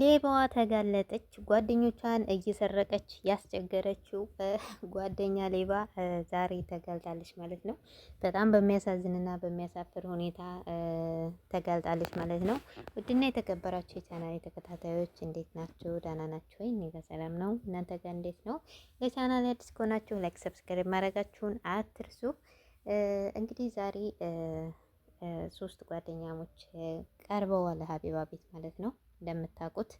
ሌባዋ ተጋለጠች። ጓደኞቿን እየሰረቀች ያስቸገረችው ጓደኛ ሌባ ዛሬ ተጋልጣለች ማለት ነው። በጣም በሚያሳዝንና በሚያሳፍር ሁኔታ ተጋልጣለች ማለት ነው። ውድና የተከበራችሁ የቻናል ተከታታዮች እንዴት ናችሁ? ደህና ናችሁ ወይ? እኔ ጋር ሰላም ነው። እናንተ ጋር እንዴት ነው? ለቻናል አዲስ ከሆናችሁ ላይክ፣ ሰብስክራይብ ማድረጋችሁን አትርሱ። እንግዲህ ዛሬ ሶስት ጓደኛሞች ቀርበዋል ሀቢባ ቤት ማለት ነው። እንደምታውቁት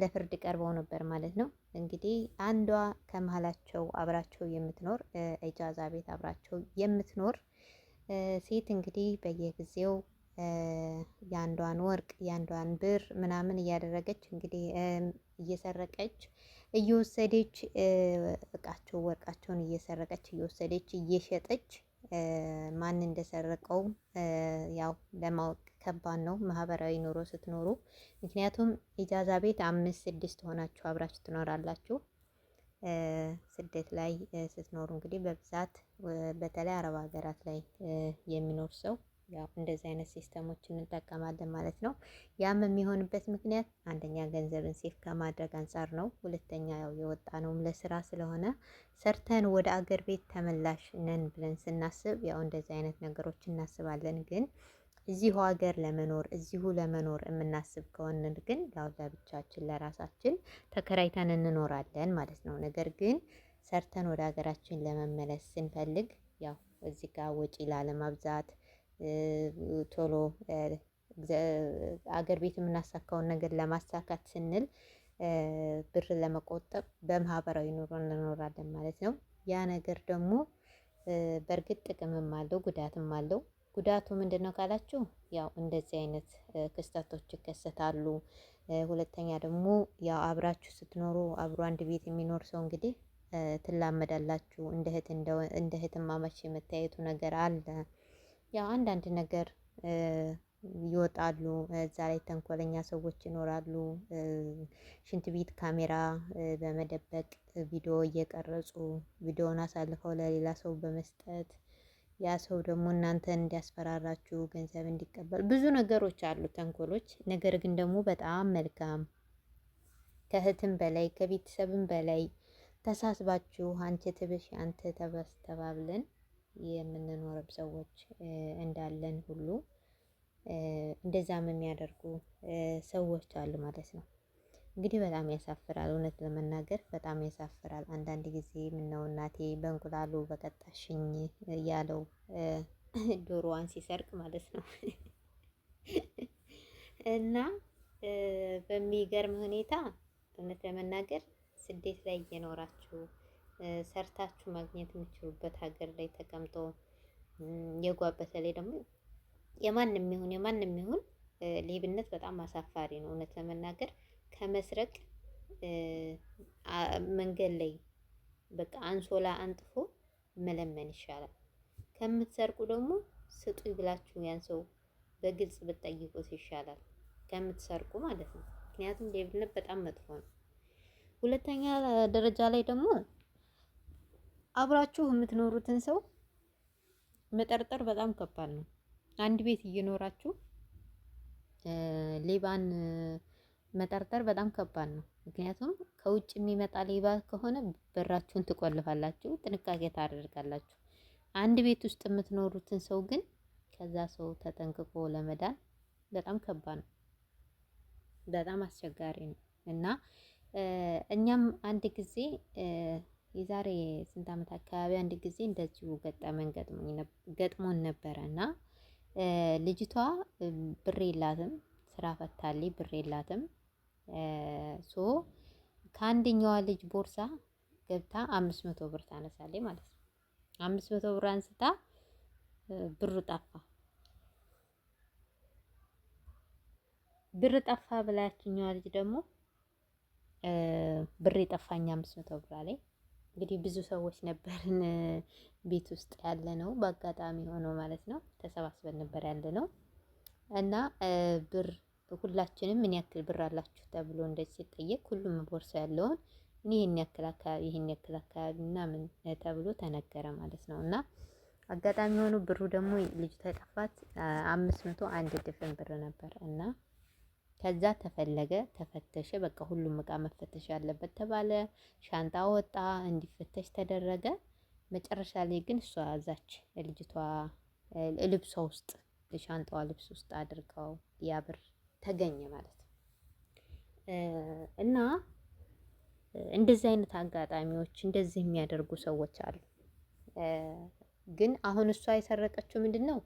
ለፍርድ ቀርበው ነበር ማለት ነው። እንግዲህ አንዷ ከመሀላቸው አብራቸው የምትኖር እጃዛ ቤት አብራቸው የምትኖር ሴት እንግዲህ በየጊዜው የአንዷን ወርቅ የአንዷን ብር ምናምን እያደረገች እንግዲህ እየሰረቀች እየወሰደች እቃቸው ወርቃቸውን እየሰረቀች እየወሰደች እየሸጠች ማን እንደሰረቀው ያው ለማወቅ ከባድ ነው ማህበራዊ ኑሮ ስትኖሩ። ምክንያቱም ኢጃዛ ቤት አምስት ስድስት ሆናችሁ አብራችሁ ትኖራላችሁ። ስደት ላይ ስትኖሩ እንግዲህ በብዛት በተለይ አረብ ሀገራት ላይ የሚኖር ሰው ያው እንደዚህ አይነት ሲስተሞች እንጠቀማለን ማለት ነው። ያም የሚሆንበት ምክንያት አንደኛ ገንዘብን ሴፍ ከማድረግ አንጻር ነው። ሁለተኛ ያው የወጣ ነውም ለስራ ስለሆነ ሰርተን ወደ አገር ቤት ተመላሽ ነን ብለን ስናስብ ያው እንደዚህ አይነት ነገሮች እናስባለን። ግን እዚሁ ሀገር ለመኖር እዚሁ ለመኖር የምናስብ ከሆንን ግን ያው ለብቻችን ለራሳችን ተከራይተን እንኖራለን ማለት ነው። ነገር ግን ሰርተን ወደ ሀገራችን ለመመለስ ስንፈልግ ያው እዚህ ጋር ወጪ ላለማብዛት ቶሎ አገር ቤት የምናሳካውን ነገር ለማሳካት ስንል ብር ለመቆጠብ በማህበራዊ ኑሮ እንኖራለን ማለት ነው። ያ ነገር ደግሞ በእርግጥ ጥቅምም አለው ጉዳትም አለው። ጉዳቱ ነው ካላችሁ ያው እንደዚህ አይነት ክስተቶች ይከሰታሉ። ሁለተኛ ደግሞ ያው አብራችሁ ስትኖሩ አብሮ አንድ ቤት የሚኖር ሰው እንግዲህ ትላመዳላችሁ። እንደ እህት እንደ እህትማማች የመታየቱ ነገር አለ። ያው አንዳንድ ነገር ይወጣሉ። እዛ ላይ ተንኮለኛ ሰዎች ይኖራሉ። ሽንት ቤት ካሜራ በመደበቅ ቪዲዮ እየቀረጹ ቪዲዮውን አሳልፈው ለሌላ ሰው በመስጠት ያ ሰው ደግሞ እናንተን እንዲያስፈራራችሁ ገንዘብ እንዲቀበል ብዙ ነገሮች አሉ፣ ተንኮሎች። ነገር ግን ደግሞ በጣም መልካም ከእህትም በላይ ከቤተሰብም በላይ ተሳስባችሁ አንቺ ትብሽ አንተ ተባብለን የምንኖርም ሰዎች እንዳለን ሁሉ እንደዛም የሚያደርጉ ሰዎች አሉ ማለት ነው። እንግዲህ በጣም ያሳፍራል እውነት ለመናገር በጣም ያሳፍራል። አንዳንድ ጊዜ ምነው እናቴ በእንቁላሉ በቀጣሽኝ ያለው ዶሮዋን ሲሰርቅ ማለት ነው። እና በሚገርም ሁኔታ እውነት ለመናገር ስደት ላይ እየኖራችሁ ሰርታችሁ ማግኘት የምችሉበት ሀገር ላይ ተቀምጦ የጓ በተለይ ደግሞ የማንም ይሁን የማንም ይሁን ሌብነት በጣም አሳፋሪ ነው። እውነት ለመናገር ከመስረቅ መንገድ ላይ በቃ አንሶላ አንጥፎ መለመን ይሻላል። ከምትሰርቁ ደግሞ ስጡ ብላችሁ ያን ሰው በግልጽ ብትጠይቁት ይሻላል ከምትሰርቁ ማለት ነው። ምክንያቱም ሌብነት በጣም መጥፎ ነው። ሁለተኛ ደረጃ ላይ ደግሞ አብራችሁ የምትኖሩትን ሰው መጠርጠር በጣም ከባድ ነው። አንድ ቤት እየኖራችሁ ሌባን መጠርጠር በጣም ከባድ ነው። ምክንያቱም ከውጭ የሚመጣ ሌባ ከሆነ በራችሁን ትቆልፋላችሁ፣ ጥንቃቄ ታደርጋላችሁ። አንድ ቤት ውስጥ የምትኖሩትን ሰው ግን ከዛ ሰው ተጠንቅቆ ለመዳን በጣም ከባድ ነው፣ በጣም አስቸጋሪ ነው እና እኛም አንድ ጊዜ የዛሬ ስንት ዓመት አካባቢ አንድ ጊዜ እንደዚሁ ገጠመን ገጥሞን ነበረ እና ልጅቷ ብር የላትም፣ ስራ ፈታልኝ ብር የላትም። ሶ ከአንደኛዋ ልጅ ቦርሳ ገብታ አምስት መቶ ብር ታነሳለች ማለት ነው። አምስት መቶ ብር አንስታ ብሩ ጠፋ። ብር ጠፋ ብላችኛዋ ልጅ ደግሞ ብር የጠፋኝ አምስት መቶ ብር አለኝ እንግዲህ ብዙ ሰዎች ነበርን ቤት ውስጥ ያለ ነው። በአጋጣሚ ሆኖ ማለት ነው ተሰባስበን ነበር ያለ ነው እና ብር ሁላችንም ምን ያክል ብር አላችሁ ተብሎ እንደዚህ ሲጠየቅ ሁሉም ቦርሳ ያለውን ይህን ያክል አካባቢ ይህን ያክል አካባቢ ምናምን ተብሎ ተነገረ ማለት ነው እና አጋጣሚ ሆኖ ብሩ ደግሞ ልጅ ተጠፋት አምስት መቶ አንድ ድፍን ብር ነበር እና ከዛ ተፈለገ ተፈተሸ። በቃ ሁሉም እቃ መፈተሽ ያለበት ተባለ። ሻንጣ ወጣ፣ እንዲፈተሽ ተደረገ። መጨረሻ ላይ ግን እሷ ያዛች ልጅቷ ልብሷ ውስጥ ሻንጣዋ ልብስ ውስጥ አድርገው ያብር ተገኘ ማለት ነው። እና እንደዚህ አይነት አጋጣሚዎች እንደዚህ የሚያደርጉ ሰዎች አሉ። ግን አሁን እሷ የሰረቀችው ምንድን ነው?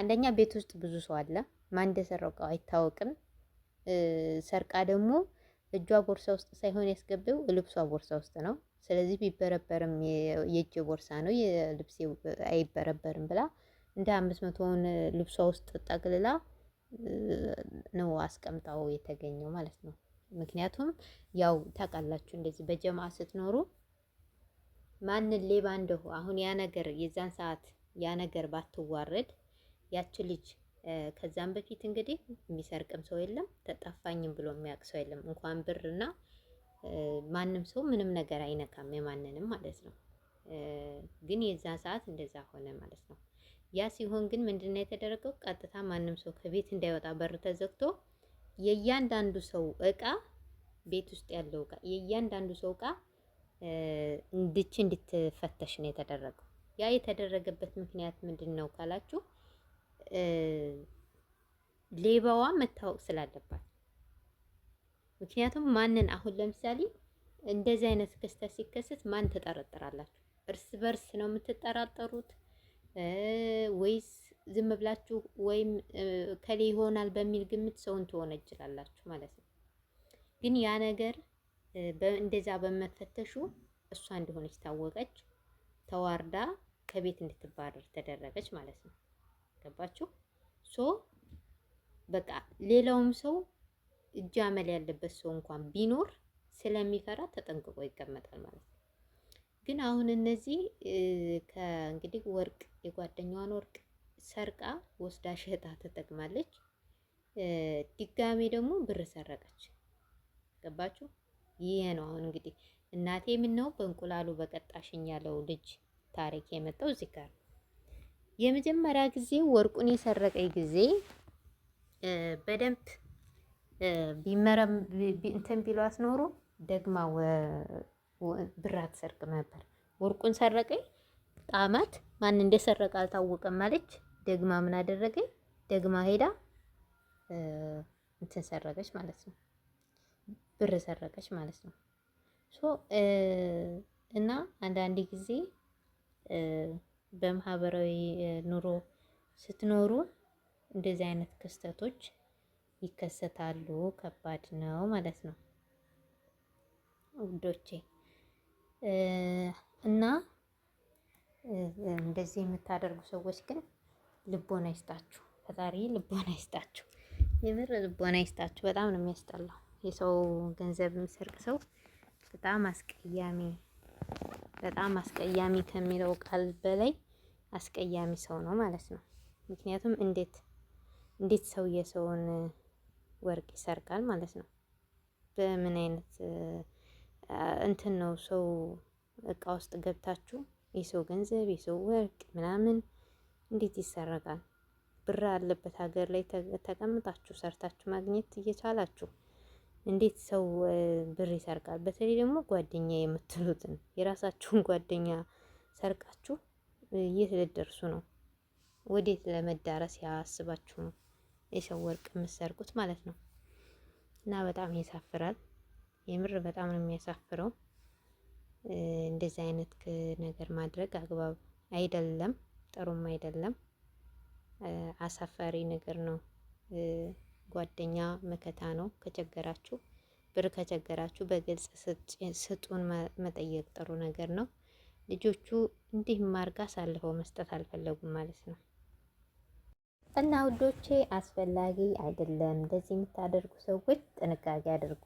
አንደኛ ቤት ውስጥ ብዙ ሰው አለ። ማን እንደሰረቀው አይታወቅም። ሰርቃ ደግሞ እጇ ቦርሳ ውስጥ ሳይሆን ያስገባው ልብሷ ቦርሳ ውስጥ ነው። ስለዚህ ቢበረበርም የእጅ ቦርሳ ነው የልብሴ አይበረበርም ብላ እንደ አምስት መቶውን ልብሷ ውስጥ ጠቅልላ ነው አስቀምጣው የተገኘው ማለት ነው። ምክንያቱም ያው ታውቃላችሁ እንደዚህ በጀማ ስትኖሩ ማንን ሌባ እንደሆ አሁን ያ ነገር የዛን ሰዓት ያ ነገር ባትዋረድ ያች ልጅ ከዛም በፊት እንግዲህ የሚሰርቅም ሰው የለም፣ ተጠፋኝም ብሎ የሚያውቅ ሰው የለም። እንኳን ብር እና ማንም ሰው ምንም ነገር አይነካም የማንንም ማለት ነው። ግን የዛ ሰዓት እንደዛ ሆነ ማለት ነው። ያ ሲሆን ግን ምንድነው የተደረገው? ቀጥታ ማንም ሰው ከቤት እንዳይወጣ በር ተዘግቶ የእያንዳንዱ ሰው እቃ ቤት ውስጥ ያለው እቃ የእያንዳንዱ ሰው እቃ እንድች እንድትፈተሽ ነው የተደረገው። ያ የተደረገበት ምክንያት ምንድን ነው ካላችሁ ሌባዋ መታወቅ ስላለባት ምክንያቱም ማንን አሁን ለምሳሌ እንደዚህ አይነት ክስተት ሲከሰት ማን ትጠረጥራላችሁ? እርስ በርስ ነው የምትጠራጠሩት ወይስ ዝም ብላችሁ ወይም ከሌ ይሆናል በሚል ግምት ሰውን ትወነጅላላችሁ ማለት ነው። ግን ያ ነገር እንደዛ በመፈተሹ እሷ እንደሆነች ታወቀች፣ ተዋርዳ ከቤት እንድትባረር ተደረገች ማለት ነው። ገባችሁ? ሶ በቃ ሌላውም ሰው እጅ አመል ያለበት ሰው እንኳን ቢኖር ስለሚፈራ ተጠንቅቆ ይቀመጣል ማለት ነው። ግን አሁን እነዚህ ከእንግዲህ ወርቅ የጓደኛዋን ወርቅ ሰርቃ ወስዳ ሸጣ ተጠቅማለች። ድጋሜ ደግሞ ብር ሰረቀች። ገባችሁ? ይሄ ነው አሁን እንግዲህ እናቴ ምን ነው በእንቁላሉ በቀጣሽኝ ያለው ልጅ ታሪክ የመጣው እዚህ ጋር የመጀመሪያ ጊዜ ወርቁን የሰረቀኝ ጊዜ በደንብ ቢመረም እንትን ቢሏት ኖሮ ደግማ ብር አትሰርቅም ነበር። ወርቁን ሰረቀኝ ጣማት። ማን እንደሰረቀ አልታወቀም አለች። ደግማ ምን አደረገኝ? ደግማ ሄዳ እንትን ሰረቀች ማለት ነው። ብር ሰረቀች ማለት ነው። ሶ እና አንዳንድ ጊዜ በማህበራዊ ኑሮ ስትኖሩ እንደዚህ አይነት ክስተቶች ይከሰታሉ። ከባድ ነው ማለት ነው ውዶቼ እና እንደዚህ የምታደርጉ ሰዎች ግን ልቦና ይስጣችሁ፣ ፈጣሪ ልቦና ይስጣችሁ፣ የምር ልቦና ይስጣችሁ። በጣም ነው የሚያስጠላው የሰው ገንዘብ የሚሰርቅ ሰው በጣም አስቀያሚ በጣም አስቀያሚ ከሚለው ቃል በላይ አስቀያሚ ሰው ነው ማለት ነው። ምክንያቱም እንዴት እንዴት ሰው የሰውን ወርቅ ይሰርቃል ማለት ነው። በምን አይነት እንትን ነው ሰው እቃ ውስጥ ገብታችሁ የሰው ገንዘብ የሰው ወርቅ ምናምን እንዴት ይሰረቃል? ብር አለበት ሀገር ላይ ተቀምጣችሁ ሰርታችሁ ማግኘት እየቻላችሁ እንዴት ሰው ብር ይሰርቃል? በተለይ ደግሞ ጓደኛ የምትሉትን የራሳችሁን ጓደኛ ሰርቃችሁ የት ልደርሱ ነው? ወዴት ለመዳረስ ያስባችሁ ነው? የሰው ወርቅ የምትሰርቁት ማለት ነው። እና በጣም ያሳፍራል። የምር በጣም ነው የሚያሳፍረው። እንደዚህ አይነት ነገር ማድረግ አግባብ አይደለም፣ ጥሩም አይደለም። አሳፋሪ ነገር ነው። ጓደኛ መከታ ነው። ከቸገራችሁ ብር ከቸገራችሁ በግልጽ ስጡን መጠየቅ ጥሩ ነገር ነው። ልጆቹ እንዲህ ማርጋ አሳልፈው መስጠት አልፈለጉም ማለት ነው። እና ውዶቼ አስፈላጊ አይደለም። እንደዚህ የምታደርጉ ሰዎች ጥንቃቄ አድርጉ።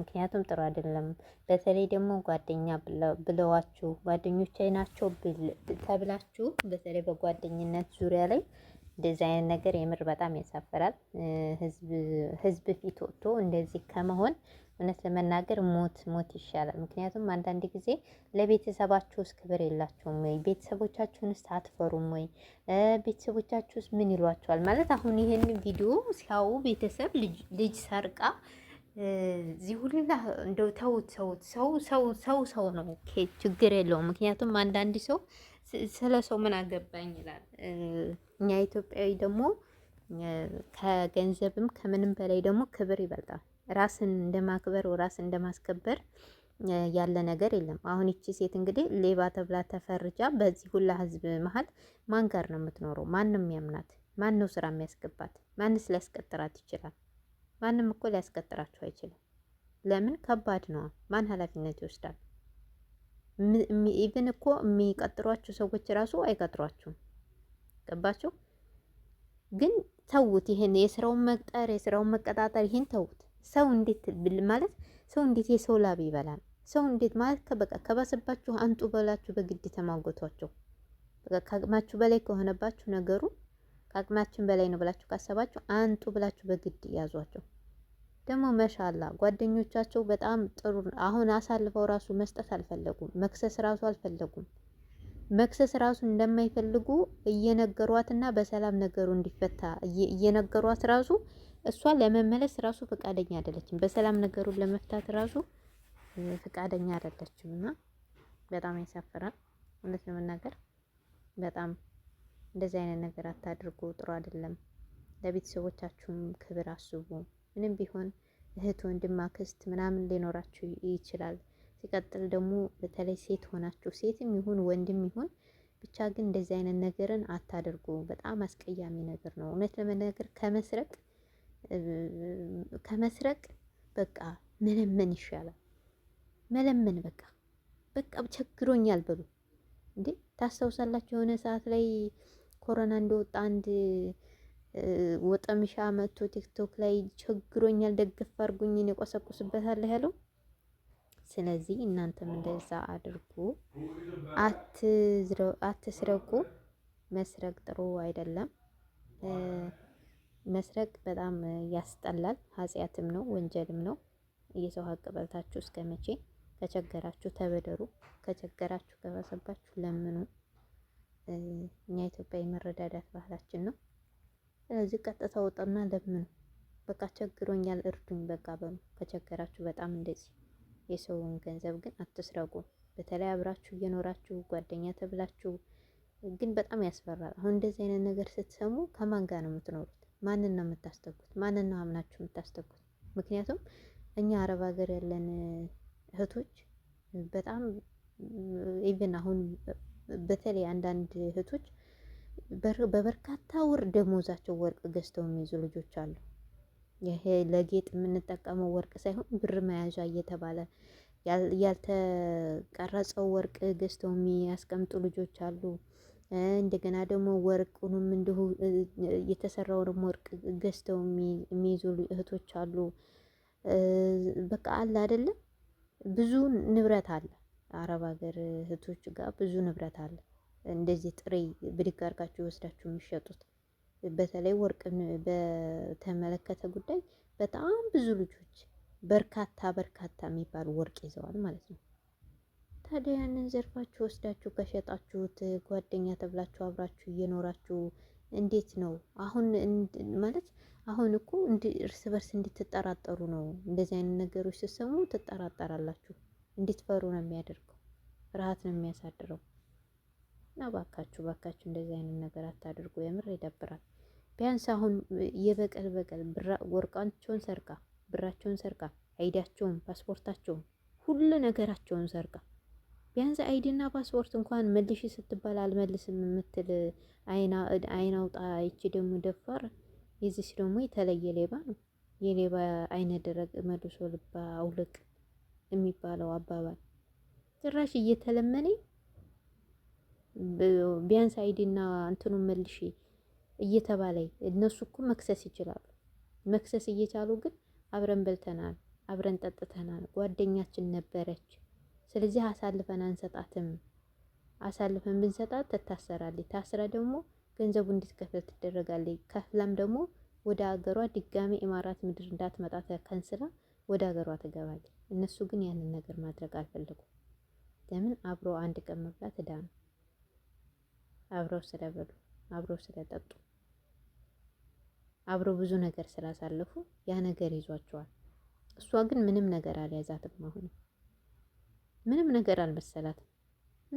ምክንያቱም ጥሩ አይደለም። በተለይ ደግሞ ጓደኛ ብለዋችሁ ጓደኞቼ ናቸው ተብላችሁ በተለይ በጓደኝነት ዙሪያ ላይ እንደዚህ አይነት ነገር የምር በጣም ያሳፈራል። ህዝብ ፊት ወጥቶ እንደዚህ ከመሆን እውነት ለመናገር ሞት ሞት ይሻላል። ምክንያቱም አንዳንድ ጊዜ ለቤተሰባችሁስ ክብር የላችሁም ወይ? ቤተሰቦቻችሁንስ አትፈሩም ወይ? ቤተሰቦቻችሁስ ምን ይሏቸዋል? ማለት አሁን ይህን ቪዲዮ ሲያዩ ቤተሰብ ልጅ ሰርቃ እዚህ ሁላ እንደው ተውት፣ ተውት። ሰው ሰው ሰው ሰው ነው ችግር የለውም። ምክንያቱም አንዳንድ ሰው ስለ ሰው ምን አገባኝ ይላል። እኛ ኢትዮጵያዊ ደግሞ ከገንዘብም ከምንም በላይ ደግሞ ክብር ይበልጣል። ራስን እንደማክበር ራስን እንደማስከበር ያለ ነገር የለም። አሁን ይቺ ሴት እንግዲህ ሌባ ተብላ ተፈርጃ በዚህ ሁላ ህዝብ መሀል ማን ጋር ነው የምትኖረው? ማንም ያምናት? ማን ነው ስራ የሚያስገባት? ማንስ ሊያስቀጥራት ይችላል? ማንም እኮ ሊያስቀጥራቸው አይችልም። ለምን? ከባድ ነዋ። ማን ኃላፊነት ይወስዳል? ኢቭን እኮ የሚቀጥሯቸው ሰዎች ራሱ አይቀጥሯቸውም። ገባችሁ? ግን ተዉት። ይሄን የስራውን መቅጠር የስራውን መቀጣጠር ይሄን ተዉት። ሰው እንዴት ብል ማለት ሰው እንዴት የሰው ላብ ይበላል? ሰው እንዴት ማለት ከበቃ ከባሰባችሁ አንጡ በላችሁ በግድ ተማጎቷቸው። በቃ ከአቅማችሁ በላይ ከሆነባችሁ ነገሩ ከአቅማችን በላይ ነው ብላችሁ ካሰባችሁ አንጡ ብላችሁ በግድ ያዟቸው። ደግሞ መሻላ ጓደኞቻቸው በጣም ጥሩ አሁን አሳልፈው ራሱ መስጠት አልፈለጉም። መክሰስ ራሱ አልፈለጉም። መክሰስ ራሱ እንደማይፈልጉ እየነገሯትና በሰላም ነገሩ እንዲፈታ እየነገሯት ራሱ እሷ ለመመለስ ራሱ ፈቃደኛ አይደለችም። በሰላም ነገሩን ለመፍታት ራሱ ፈቃደኛ አይደለችም እና በጣም ያሳፍራል። እውነት ለመናገር በጣም እንደዚህ አይነት ነገር አታድርጉ፣ ጥሩ አይደለም። ለቤተሰቦቻችሁም ክብር አስቡ። ምንም ቢሆን እህት፣ ወንድም፣ አክስት ምናምን ሊኖራችሁ ይችላል። ሲቀጥል ደግሞ በተለይ ሴት ሆናችሁ ሴትም ይሁን ወንድም ይሁን ብቻ ግን እንደዚህ አይነት ነገርን አታደርጉ። በጣም አስቀያሚ ነገር ነው። እውነት ለመናገር ከመስረቅ ከመስረቅ በቃ መለመን ይሻላል። መለመን በቃ በቃ ቸግሮኛል በሉ እንዴ። ታስታውሳላችሁ የሆነ ሰዓት ላይ ኮሮና እንደወጣ አንድ ወጠምሻ መጥቶ ቲክቶክ ላይ ቸግሮኛል፣ ደግፍ አድርጉኝ እኔ ያለው ስለዚህ እናንተም እንደዛ አድርጉ፣ አትስረቁ። መስረቅ ጥሩ አይደለም። መስረቅ በጣም ያስጠላል፣ ኃጢአትም ነው፣ ወንጀልም ነው። የሰው ሀቅ በልታችሁ እስከ መቼ? ከቸገራችሁ ተበደሩ፣ ከቸገራችሁ ከባሰባችሁ ለምኑ። እኛ ኢትዮጵያ የመረዳዳት ባህላችን ነው። ስለዚህ ቀጥታ ወጣና ለምኑ። በቃ ቸግሮኛል እርዱኝ፣ በቃ በሉ ከቸገራችሁ በጣም እንደዚህ የሰውን ገንዘብ ግን አትስረቁ። በተለይ አብራችሁ እየኖራችሁ ጓደኛ ተብላችሁ ግን በጣም ያስፈራል። አሁን እንደዚህ አይነት ነገር ስትሰሙ ከማን ጋር ነው የምትኖሩት? ማንን ነው የምታስተኩት? ማንን ነው አምናችሁ የምታስተኩት? ምክንያቱም እኛ አረብ ሀገር ያለን እህቶች በጣም ኢቭን አሁን በተለይ አንዳንድ እህቶች በበርካታ ወር ደሞዛቸው ወርቅ ገዝተው የሚይዙ ልጆች አሉ። ይሄ ለጌጥ የምንጠቀመው ወርቅ ሳይሆን ብር መያዣ እየተባለ ያልተቀረጸው ወርቅ ገዝተው የሚያስቀምጡ ልጆች አሉ። እንደገና ደግሞ ወርቁንም እንዲሁ የተሰራውንም ወርቅ ገዝተው የሚይዙ እህቶች አሉ። በቃ አለ አይደለ ብዙ ንብረት አለ። አረብ ሀገር እህቶች ጋር ብዙ ንብረት አለ። እንደዚህ ጥሬ ብድግ አድርጋችሁ ወስዳችሁ የሚሸጡት በተለይ ወርቅን በተመለከተ ጉዳይ በጣም ብዙ ልጆች በርካታ በርካታ የሚባሉ ወርቅ ይዘዋል ማለት ነው። ታዲያ ያንን ዘርፋችሁ ወስዳችሁ ከሸጣችሁት ጓደኛ ተብላችሁ አብራችሁ እየኖራችሁ እንዴት ነው አሁን? ማለት አሁን እኮ እርስ በርስ እንድትጠራጠሩ ነው። እንደዚህ አይነት ነገሮች ስትሰሙ ትጠራጠራላችሁ። እንድትፈሩ ነው የሚያደርገው፣ ፍርሃት ነው የሚያሳድረው። እና ባካችሁ ባካችሁ እንደዚህ አይነት ነገር አታድርጉ። የምር ይደብራል። ቢያንስ አሁን የበቀል በቀል ወርቃቸውን ሰርቃ ብራቸውን ሰርቃ አይዳቸውን ፓስፖርታቸውን ሁሉ ነገራቸውን ሰርቃ ቢያንስ አይዲና ፓስፖርት እንኳን መልሽ ስትባል አልመልስም የምትል አይን አውጣ። ይቺ ደግሞ ደፋር፣ የዚች ደግሞ የተለየ ሌባ ነው። የሌባ አይነ ደረቅ መልሶ ልባ አውልቅ የሚባለው አባባል ጭራሽ እየተለመነኝ ቢያንስ አይዲና እንትኑን መልሽ እየተባለ እነሱ እኮ መክሰስ ይችላሉ። መክሰስ እየቻሉ ግን አብረን በልተናል፣ አብረን ጠጥተናል፣ ጓደኛችን ነበረች፣ ስለዚህ አሳልፈን አንሰጣትም። አሳልፈን ብንሰጣት ትታሰራለች። ታስራ ደግሞ ገንዘቡ እንድትከፍል ትደረጋለች። ከፍላም ደግሞ ወደ አገሯ ድጋሜ ኢማራት ምድር እንዳትመጣ ከንስላ ወደ አገሯ ትገባለች። እነሱ ግን ያንን ነገር ማድረግ አልፈለጉም። ለምን? አብሮ አንድ ቀን መብላት ዕዳ ነው። አብረው ስለበሉ አብረው ስለጠጡ አብሮ ብዙ ነገር ስላሳለፉ ያ ነገር ይዟቸዋል። እሷ ግን ምንም ነገር አልያዛትም። አሁን ምንም ነገር አልመሰላትም።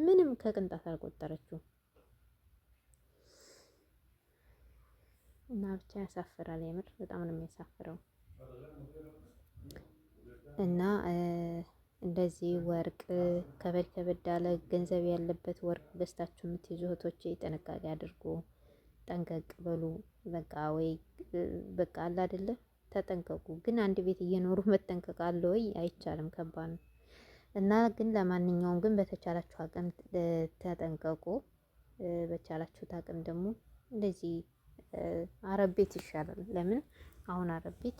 ምንም ከቅንጣት አልቆጠረችው እና ብቻ ያሳፍራል። የምር በጣም ነው የሚያሳፍረው። እና እንደዚህ ወርቅ ከበድ ከበድ ያለ ገንዘብ ያለበት ወርቅ ገዝታችሁ የምትይዙ እህቶቼ ጥንቃቄ አድርጉ። ጠንቀቅ በሉ በቃ ወይ በቃ አለ አይደለ ተጠንቀቁ። ግን አንድ ቤት እየኖሩ መጠንቀቅ አለ ወይ? አይቻልም፣ ከባድ ነው። እና ግን ለማንኛውም ግን በተቻላችሁ አቅም ተጠንቀቁ። በቻላችሁት አቅም ደግሞ እንደዚህ አረብ ቤት ይሻላል። ለምን አሁን አረብ ቤት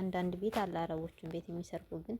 አንዳንድ ቤት አለ አረቦችን ቤት የሚሰርቁ ግን